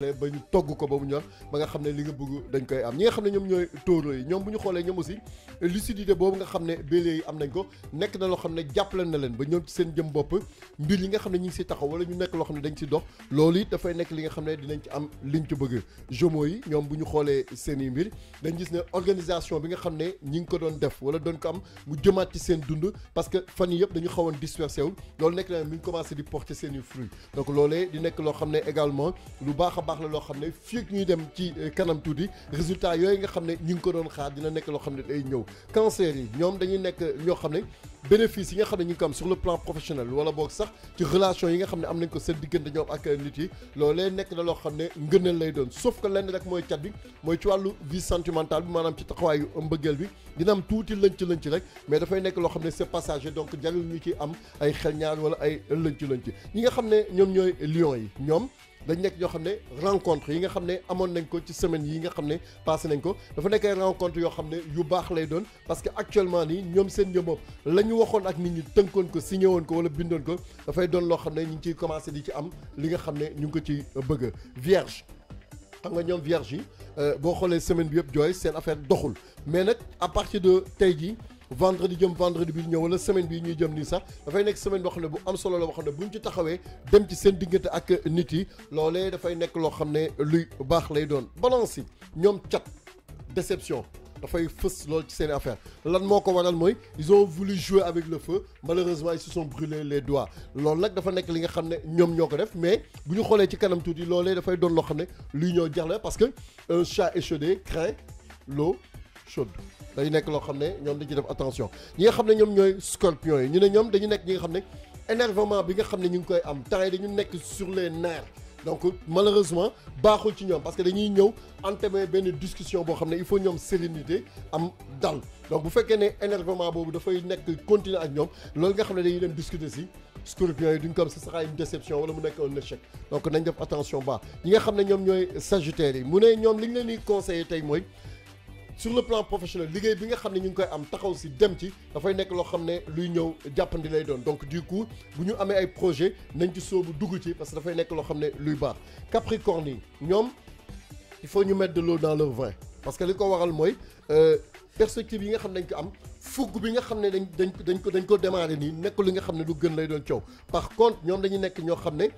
ba ñu togg ko ba mu ñor ba nga xam ne li nga bëgg dañ koy am ñi nga xam ne ñoom ñooy tóoro yi ñoom bu ñu xoolee ñoom aussi lucidité boobu nga xam ne bélier yi am nañ ko nekk na loo xam ne jàppale na leen ba ñoom ci seen jëm bopp mbir yi nga xam ne ñu ngi si taxaw wala ñu nekk loo xam ne dañ si dox loolu it nekk li nga xam ne dinañ ci am liñ ci bëgg yi ñoom bu ñu xoolee seen i mbir dañ gis ne organisation bi nga xam ne ñi ngi ko doon def wala doon ko am mu jëmaat ci seen dund parce que fan yi yëpp dañu xawoon dispersé wul loolu nekk na mi ngi commencé di porter ci seeni fruit donc loolee di nekk loo xam ne également lu baax baax la loo xam ne fii ñuy dem ci euh, kanam tuuti résultat yooyu nga xam ne ñi ngi ko doon xaar dina nekk loo xam ne day ñëw cancer yi ñoom dañuy nekk ñoo xam ne bénéfice yi xam ne ñu ngi ko am sur le plan professionnel wala boog sax ci xam ne am nañ ko seen diggante ñoom ak euh, nit yi loolee loo xam ne ngëneel lay doon sauf que rek mooy cat bi mooy ci wàllu vie sentimentale bi maanaam ci taxawaayu mbëggeel bi dina am tuuti lënc lënc rek mais dafay nekk loo xam ne c'est passager donc jarul ñu ci am ay xel ñaar wala ay lënc lënc ñi nga xam ne ñoom ñooy lion yi ñoom dañ nekk yoo xam ne rencontre yi nga xam ne amoon nañ ko ci semaine yi nga xam ne passé nañ ko dafa nekk ay rencontre yoo xam ne yu baax lay doon parce que actuellement nii ñoom seen ñoom bopp la waxoon ak nit ñi tënkoon ko signé woon ko wala bindoon ko dafay doon loo xam ne ñu ngi ciy commencé di ci am li nga xam ne ñu ngi ko ci bëgg vierge xam nga ñoom vierge yi euh, boo xoolee semaine bi yëpp jooy seen affaire doxul mais nag à de tey jii vendredi jëm vendredi bi ñëw wala semaine bi ñuy jëm nii sax dafay nekk semaine boo xam ne bu am solo la boo xam ne buñ ci taxawee dem ci seen diggante ak nit yi loolee dafay nekk loo xam ne luy baax lay doon balance yi ñoom cat déception dafay fës lool ci seen affaire lan moo ko waral mooy ils ont voulu jouer avec le feu malheureusement ils se sont les doigts loolu nag dafa nekk li nga xam ne ñoom ñoo ko def mais bu ñu xoolee ci kanam tuuti loolee dafay doon loo xam ne luy ñoo jaxle parce que un chat échaudé craint chaude dañu nekk loo xam ne ñoom dañu ci def attention ñi nga xam ne ñoom ñooy scorpion yi ñu ne ñoom dañu nekk ñi nga xam ne énervement bi nga xam ne ñu ngi koy am temps yi dañu nekk sur les nerfs donc malheureusement baaxul ci ñoom parce que dañuy ñëw entamé benn discussion boo xam ne il faut ñoom sérénité am dal donc bu fekkee ne énervement boobu nekk continuer ak ñoom loolu nga xam ne dañuy dem discuter si scorpion yi wala mu nekk un échec donc nañ def attention baax ñi nga xam ne ñoom ñooy sagittaire yi mu ne ñoom li ñu leen di conseillé tey mooy sur le plan professionnel liggéey bi nga xam ne ñu ngi koy am taxaw si dem ci dafay nekk loo xam ne luy ñëw jàppandi lay doon donc du coup bu ñu amee ay projet nañ ci bu dugg ci parce que dafay nekk loo xam ne luy baax Capricorne yi ñoom il faut ñu mettre de l'eau dans leur vin parce que li ko waral mooy euh, perspective yi nga xam ne dañ ko am fugg bi nga xam ne dañ dañ ko dañ ko dañ ko démarré nii nekk li nga xam ne du gën lay doon coow par contre ñoom dañuy nekk ñoo xam ne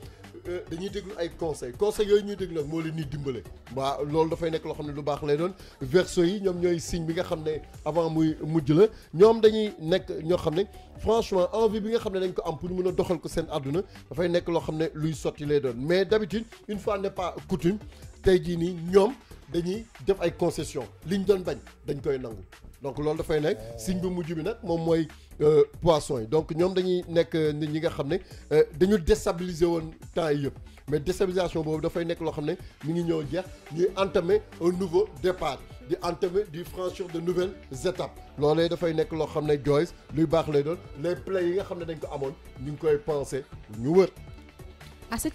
dañuy déglu ay conseils conseils yooyu ñuy déglu nag moo leen ñuy dimbale waaw loolu dafay nekk loo xam ne lu baax lay doon verseau yi ñoom ñooy signe bi nga xam ne avant muy mujj la ñoom dañuy nekk ñoo xam ne franchement envie bi nga xam ne dañ ko am pour mun a doxal ko seen àdduna dafay nekk loo xam ne luy sotti lay doon mais d'habitude une fois n'est pas coutume tey jii nii ñoom dañuy def ay concessions liñ doon bañ dañ koy nangu donc loolu dafay nekk signe bi mujj bi nag moom mooy euh, poisson yi donc ñoom dañuy nekk euh, nit ñi nga xam ne euh, dañu destabiliser woon temps yi yëpp mais déstabilisation boobu dafay nekk loo xam ne mi ngi ñëw jeex ñuy entamer un nouveau départ di entamer di franchir de nouvelles étapes loolee dafay nekk loo xam ne Joyce luy baax lay doon les plaies yi nga xam ne dañ ko amoon ñu ngi koy penser ñu wër. ah c'est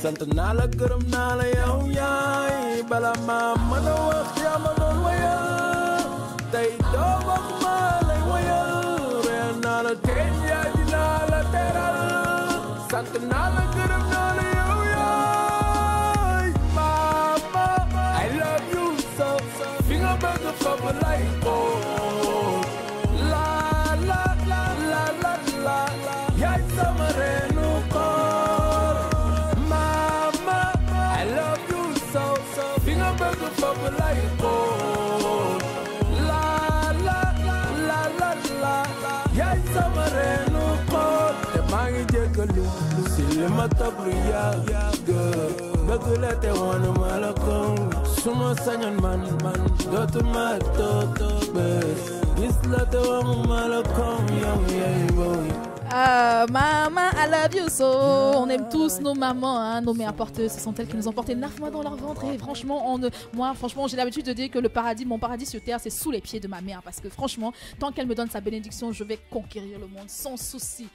sant naa la gërëm naa la yow bala ma mën a wax yaa ma tey doo wax ma lay wayal naa la teen yaay dinaa la teral sant naa la gërëm jéggalu si li ma tablu yàgg la te woonu ah, On aime tous nos mamans, nos mères Ce sont elles qui nous ont porté 9 mois dans leur ventre. Et franchement, j'ai l'habitude de dire que le paradis, mon paradis sur terre, c'est sous les pieds de ma mère. Parce que franchement, tant qu'elle me donne sa bénédiction, je vais conquérir le monde sans souci.